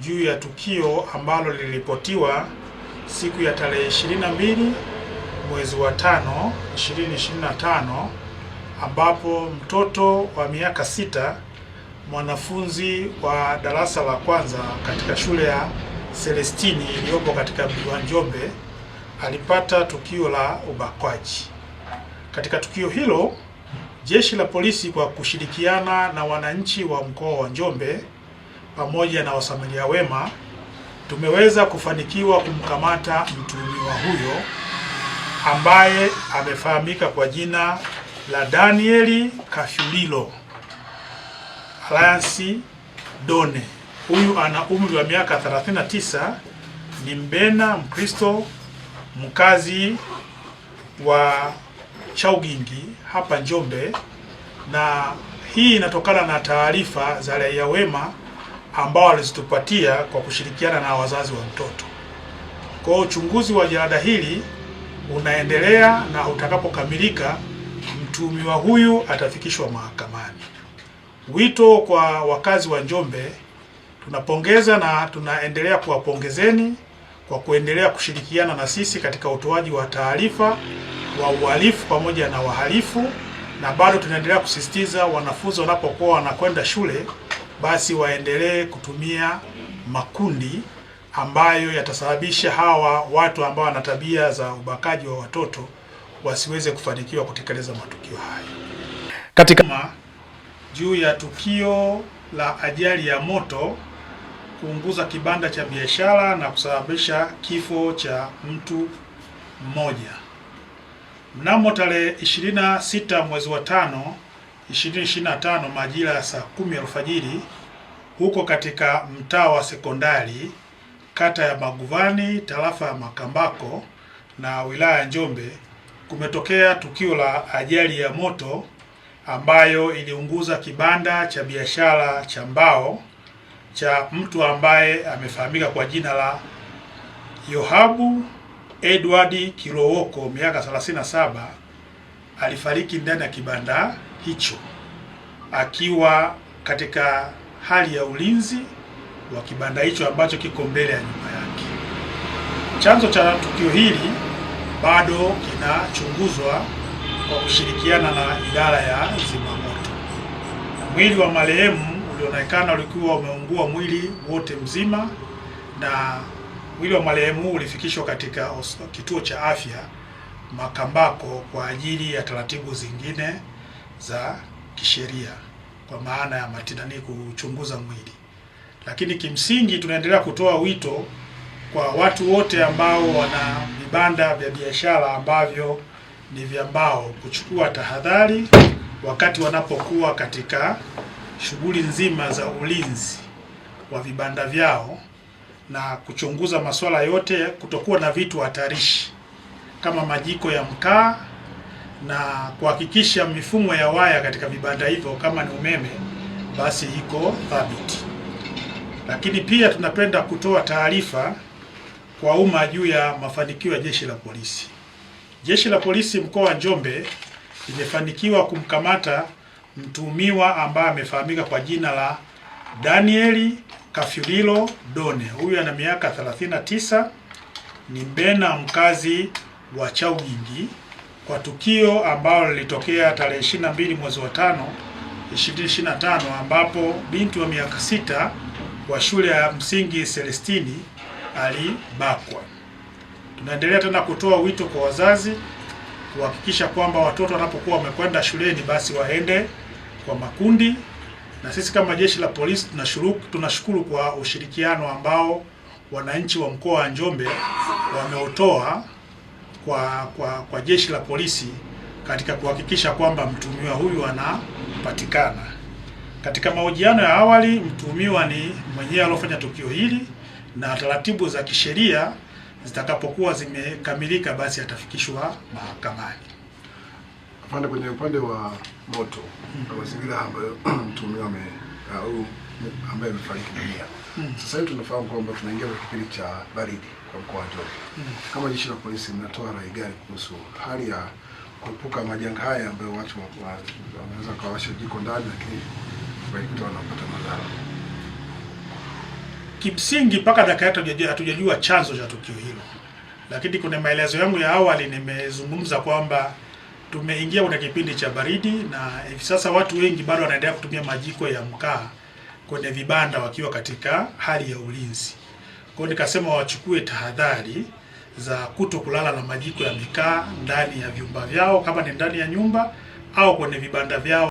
juu ya tukio ambalo liliripotiwa siku ya tarehe 22 mwezi wa 5 2025, ambapo mtoto wa miaka sita mwanafunzi wa darasa la kwanza katika shule ya Celestini iliyopo katika mji wa Njombe alipata tukio la ubakwaji. Katika tukio hilo, jeshi la polisi kwa kushirikiana na wananchi wa mkoa wa Njombe pamoja na wasamaria wema tumeweza kufanikiwa kumkamata mtuhumiwa huyo ambaye amefahamika kwa jina la Danieli Kashulilo Alliance Done. Huyu ana umri wa miaka 39, ni Mbena Mkristo mkazi wa Chaugingi hapa Njombe, na hii inatokana na taarifa za raia wema ambao alizitupatia kwa kushirikiana na wazazi wa mtoto. Kwa hiyo uchunguzi wa jalada hili unaendelea na utakapokamilika, mtuhumiwa huyu atafikishwa mahakamani. Wito kwa wakazi wa Njombe, tunapongeza na tunaendelea kuwapongezeni kwa kuendelea kushirikiana na sisi katika utoaji wa taarifa wa uhalifu pamoja na wahalifu, na bado tunaendelea kusisitiza wanafunzi wanapokuwa wanakwenda shule basi waendelee kutumia makundi ambayo yatasababisha hawa watu ambao wana tabia za ubakaji wa watoto wasiweze kufanikiwa kutekeleza matukio hayo. Katika juu ya tukio la ajali ya moto kuunguza kibanda cha biashara na kusababisha kifo cha mtu mmoja mnamo tarehe 26 mwezi wa tano 2025 majira ya saa kumi alfajiri huko katika mtaa wa sekondari kata ya Maguvani tarafa ya Makambako na wilaya ya Njombe kumetokea tukio la ajali ya moto ambayo iliunguza kibanda cha biashara cha mbao cha mtu ambaye amefahamika kwa jina la Yohabu Edward Kirowoko miaka 37 alifariki ndani ya kibanda hicho akiwa katika hali ya ulinzi wa kibanda hicho ambacho kiko mbele ya nyumba yake. Chanzo cha tukio hili bado kinachunguzwa kwa kushirikiana na idara ya zimamoto. Mwili wa marehemu ulionekana ulikuwa umeungua mwili wote mzima, na mwili wa marehemu ulifikishwa katika kituo cha afya Makambako kwa ajili ya taratibu zingine za kisheria kwa maana ya matinani kuchunguza mwili. Lakini kimsingi tunaendelea kutoa wito kwa watu wote ambao wana vibanda vya biashara ambavyo ni vya mbao kuchukua tahadhari wakati wanapokuwa katika shughuli nzima za ulinzi wa vibanda vyao na kuchunguza masuala yote, kutokuwa na vitu hatarishi kama majiko ya mkaa na kuhakikisha mifumo ya waya katika vibanda hivyo kama ni umeme basi iko thabiti. Lakini pia tunapenda kutoa taarifa kwa umma juu ya mafanikio ya Jeshi la Polisi. Jeshi la Polisi mkoa wa Njombe limefanikiwa kumkamata mtuhumiwa ambaye amefahamika kwa jina la Danieli Kafyulilo Done. Huyu ana miaka 39, ni mbena mkazi wa Chaujingi kwa tukio ambalo lilitokea tarehe 22 mwezi wa 5 2025, ambapo binti wa miaka sita wa shule ya msingi Celestini alibakwa. Tunaendelea tena kutoa wito kwa wazazi kuhakikisha kwamba watoto wanapokuwa wamekwenda shuleni basi waende kwa makundi, na sisi kama jeshi la polisi tunashukuru kwa ushirikiano ambao wananchi wa mkoa wa Njombe wameutoa kwa, kwa, kwa jeshi la polisi katika kuhakikisha kwamba mtuhumiwa huyu anapatikana. Katika mahojiano ya awali, mtuhumiwa ni mwenyewe aliyofanya tukio hili na taratibu za kisheria zitakapokuwa zimekamilika, basi atafikishwa mahakamani. Pande kwenye upande wa moto na hmm. mazingira ambayo mtuhumiwa ambaye amefariki dunia Mm. Sasa hivi tunafahamu kwamba tunaingia kwa kipindi cha baridi kwa mkoa wa Njombe. Mm. Kama jeshi la polisi mnatoa rai gani kuhusu hali ya kuepuka majanga haya ambayo watu wanaweza kawasha jiko ndani lakini wakikuta wanapata madhara? Kimsingi mpaka dakika hii hatujajua chanzo cha tukio hilo. Lakini kuna maelezo yangu ya awali nimezungumza kwamba tumeingia kwenye kipindi cha baridi na hivi sasa watu wengi bado wanaendelea kutumia majiko ya mkaa kwenye vibanda wakiwa katika hali ya ulinzi. Kwa hiyo nikasema wachukue tahadhari za kuto kulala na majiko ya mikaa ndani ya vyumba vyao, kama ni ndani ya nyumba au kwenye vibanda vyao.